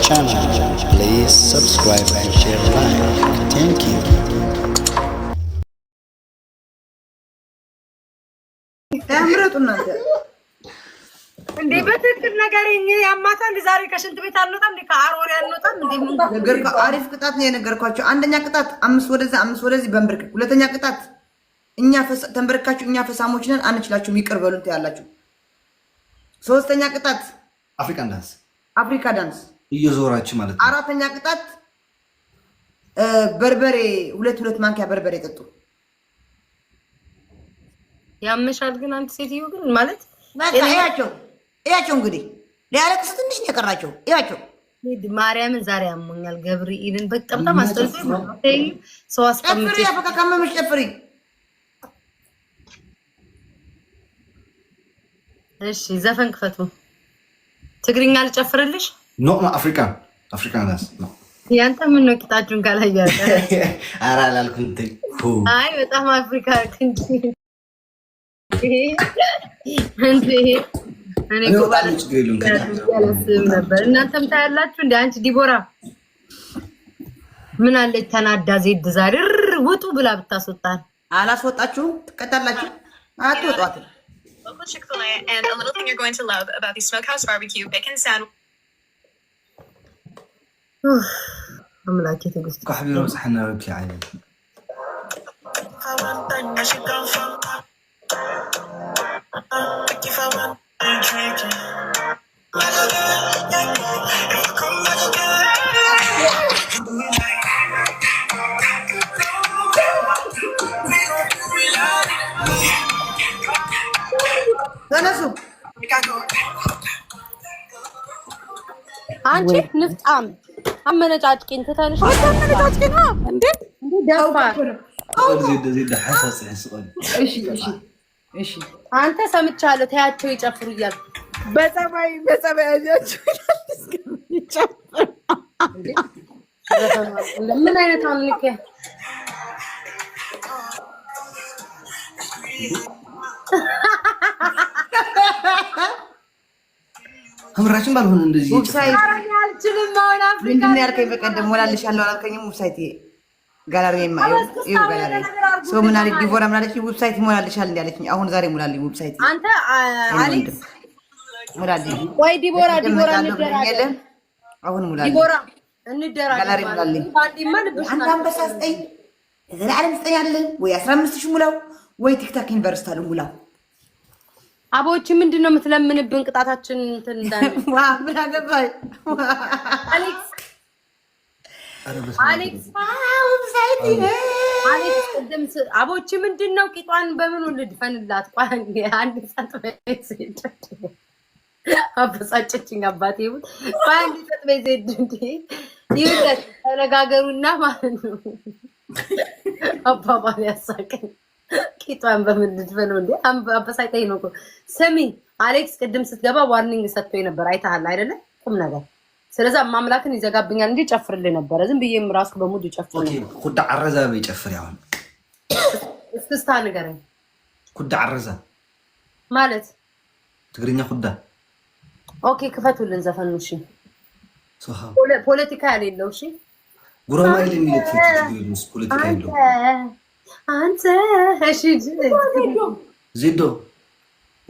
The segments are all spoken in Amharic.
channel. Please subscribe and share like. Thank you. እንዴ! በትክክል ነገር ዛሬ ከሽንት ቤት አንወጣም እንዴ? ከአሮር አንወጣም እንዴ? ቅጣት ነው የነገርኳቸው። አንደኛ ቅጣት አምስት ወደዛ አምስት ወደዚህ በንብርክ። ሁለተኛ ቅጣት እኛ ተንበርካችሁ እኛ ፈሳሞች ነን አንችላችሁም፣ ይቅር በሉን ሶስተኛ ቅጣት አፍሪካን ዳንስ አፍሪካ ዳንስ እየዞራች ማለት ነው። አራተኛ ቅጣት በርበሬ ሁለት ሁለት ማንኪያ በርበሬ ጠጡ። ያመሻል ግን አንተ ሴትዮ ግን ማለት ያቸው እያቸው እንግዲህ ሊያለቅስ ትንሽ ነው የቀራቸው። ያቸው ማርያምን ዛሬ ያሞኛል። ገብርኤልን በጣም በጣም አስጠልቶ ሰው አስቀምጬ በቃ ከመመሽ ጨፍሪ። እሺ ዘፈን ክፈቱ። ትግርኛ ልጨፍርልሽ ኖ አፍሪካን አፍሪካን ነው። ያንተ ምን ነው ቂጣችሁን ካላያ ኧረ አላልኩም። አይ በጣም አፍሪካ እናንተም ታያላችሁ። እንደ አንቺ ዲቦራ ምን አለች ተናዳ ዜድ ዛሬ ውጡ ብላ ብታስወጣል አላስወጣችሁም። ትቀጣላችሁ። አትወጧትም። አምላኬ ትዕግስት ካህሉ ሰሐናዊ ኪአይ ተነሱ። አንቺ ንፍጣም አመነጫጭቂን ትተንሽ አመነጫጭቂን እንዴ አንተ ሰምቻለሁ። ተያቸው ይጨፍሩ እያል በጸባይ በጸባይ ያቸው ምን አይነት አምልክ እምራችን ባልሆነ እንደዚህ ዌብሳይት ምንድን ያልከኝ? በቀደም ሞላልሻለሁ አላልከኝም? ዌብሳይት ጋላሪ ሰው ምን አለች? ዲቦራ ምን አለች? ዌብሳይት ሞላልሻል እንዲያለችኝ አሁን ዛሬ ሞላልኝ። ዌብሳይት አንተ አሌክስ ሞላልኝ። ወይ ዲቦራ ዲቦራ እንደራለን። አሁን ሞላልኝ ዲቦራ እንደራለን። ጋላሪ ሞላልኝ። አንድ አንበሳ ዘጠኝ ለዘላለም ዘጠኝ አለን ወይ አስራ አምስት ሺህ ሙላው ወይ ቲክታክ ዩኒቨርስቲ አለ ሙላው አቦች ምንድን ነው የምትለምንብን? ቅጣታችን እንትን ምን አገባኝ። አሌክስ አቦች ምንድን ነው ቂጧን በምኑ ልድፈንላት? አንድ ሰጥ አበሳጨችኝ። አባቴ አንድ ሰጥ በዜድ እንዲ ይሁን ተነጋገሩና ማለት ነው አባባል ያሳቀኝ ቂጡ በምንድን በለው እንዲ አበሳይታይ ነው እኮ ስሚ አሌክስ ቅድም ስትገባ ዋርኒንግ ሰጥቶ ነበር አይተሃል አይደለ ቁም ነገር ስለዛ ማምላክን ይዘጋብኛል እንጂ ጨፍርልህ ነበረ ዝም ብዬም ራስኩ በሙድ ይጨፍር ኩዳ አረዛ ይጨፍር ያሁን እስክስታ ንገረኝ ኩዳ አረዛ ማለት ትግርኛ ኩዳ ኦኬ ክፈቱልን ዘፈኑ እሺ ፖለቲካ ያሌለው እሺ ጉራማይል የሚለት ፖለቲካ ያለው አንተ ዜዶ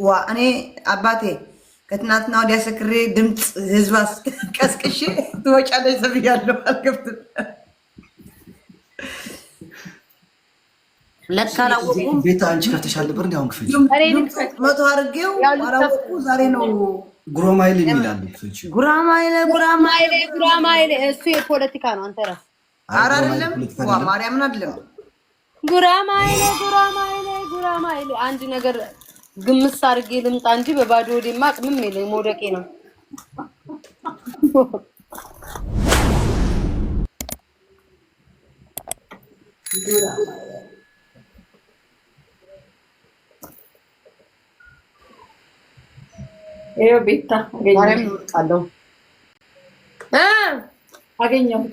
ዋ እኔ አባቴ ከትናንትና ወዲያ ሰክሬ ድምፅ ህዝብ ቀስቅሼ ትወጫለች ተብያለሁ። አልገብትም ቤት አንቺ ከፍተሻል ነበር። እንዲሁን ክፍል መቶ አድርጌው አላወቁ። ዛሬ ነው ጉራማይሌ ይላሉ። ጉራማይሌ ጉራማይሌ ጉራማይሌ እሱ የፖለቲካ ነው። አንተ ራስህ አይደለም፣ ማርያምን አይደለም ጉራማይሌ ጉራማይሌ ጉራማይሌ አንድ ነገር ግምስ አድርጌ ልምጣ እንጂ በባዶ ወዴማ አቅምም የለኝ። መውደቄ ነው። ይኸው ቤታ አገኘሁ አገኘሁት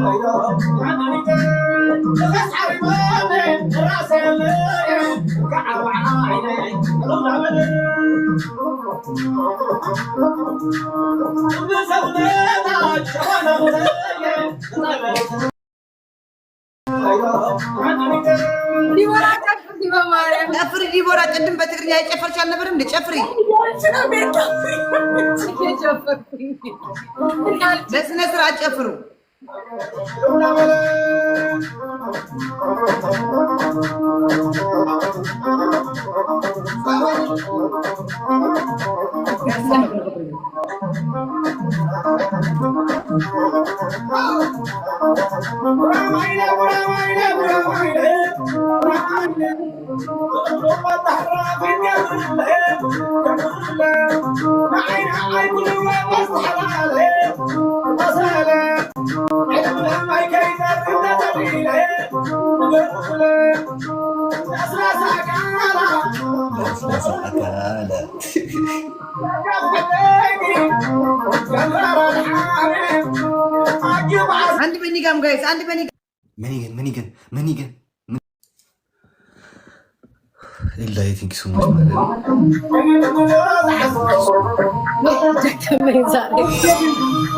ጨፍሪ ዲቦራ፣ ቅድም በትግርኛ የጨፈርሽ አልነበረም? እንደ ጨፍሪ በስነ ስርዓት ጨፍሩ። I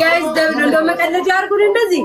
ጋይስ ደብሎ እንደው መቀለጃ አድርጉን እንደዚህ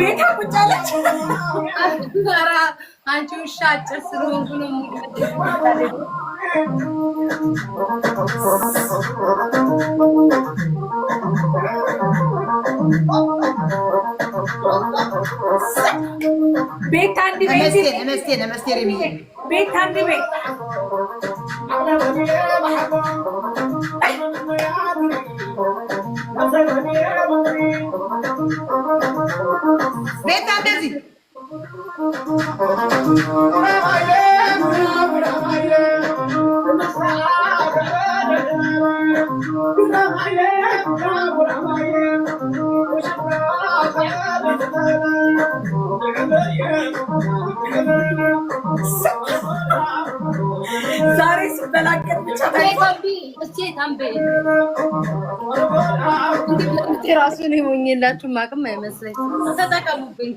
ቤታ ቁጭ አለች። ኧረ አንቺ ውሻ አጭር ስለሆንኩ ነው። ቤት አንድ ቤት ቤት አንድ ቤት እንደዚህ ዛሬ ስበላቀጥ ብቻ ራሱን የሆኝላችሁ ማቅም አይመስለኝ ተጠቀሙብኝ።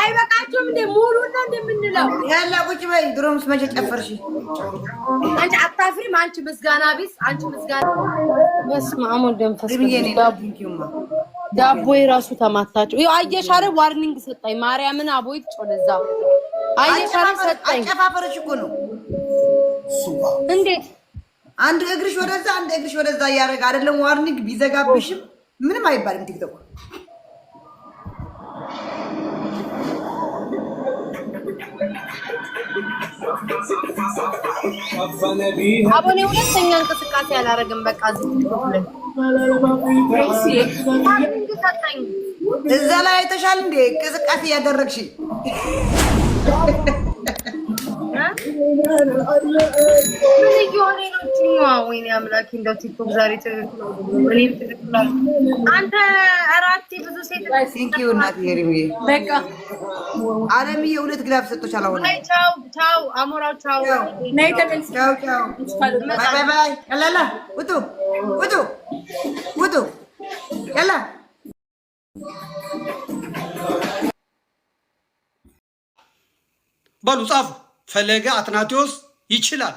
አይበቃችሁም እንዴ? ሙሉ እንደምንለው ያለ ቁጭ በይ። ድሮምስ መቼ ጨፈርሽ አንቺ? አታፍሪም አንቺ ምስጋና ቢስ አንቺ ምስጋና በስመ አብ ወልድ መንፈስ ዳቦ የራሱ ተማታቸው። ይኸው አየሻረ ዋርኒንግ ሰጣኝ። ማርያምን አቦይ ጮለዛ አየሻረ ሰጣኝ። አጨፋፈረሽ እኮ ነው እንዴት አንድ እግርሽ ወደዛ አንድ እግርሽ ወደዛ እያደረገ አይደለም። ዋርኒንግ ቢዘጋብሽም ምንም አይባልም። ቲክቶክ አቦኔ ሁለተኛ እንቅስቃሴ አላደረግም። በቃ እዛ ላይ አይተሻል እንዴ? እንቅስቃሴ እያደረግሽ ወይኔ አምላኬ እንደው ቲክቶክ ዛሬ ትክክል እኔም ግላፍ ሰጥቶች አላሆነ በሉ ጻፉ ፈለገ አትናቴዎስ ይችላል።